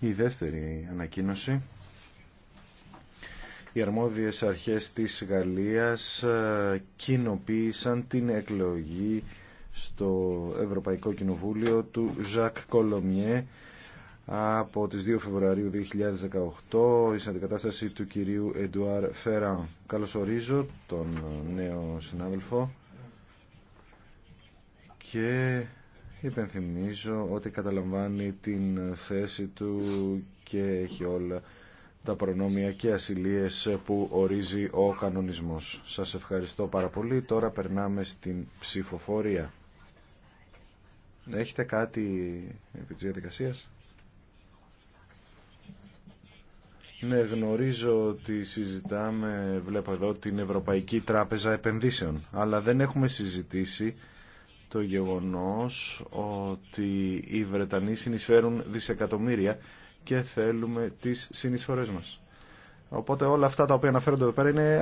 Η δεύτερη ανακοίνωση. Οι αρμόδιες αρχές της Γαλλίας ε, κοινοποίησαν την εκλογή στο Ευρωπαϊκό Κοινοβούλιο του Ζακ Κολομιέ από τις 2 Φεβρουαρίου 2018 η αντικατάσταση του κυρίου Εντουάρ Φέραν. ορίζω τον νέο συνάδελφο και υπενθυμίζω ότι καταλαμβάνει την θέση του και έχει όλα τα προνόμια και ασυλίες που ορίζει ο κανονισμός. Σας ευχαριστώ πάρα πολύ. Τώρα περνάμε στην ψηφοφορία. Έχετε κάτι επί της διαδικασίας? Ναι, γνωρίζω ότι συζητάμε, βλέπω εδώ, την Ευρωπαϊκή Τράπεζα Επενδύσεων, αλλά δεν έχουμε συζητήσει το γεγονός ότι οι Βρετανοί συνεισφέρουν δισεκατομμύρια και θέλουμε τις συνεισφορές μας. Οπότε όλα αυτά τα οποία αναφέρονται εδώ πέρα είναι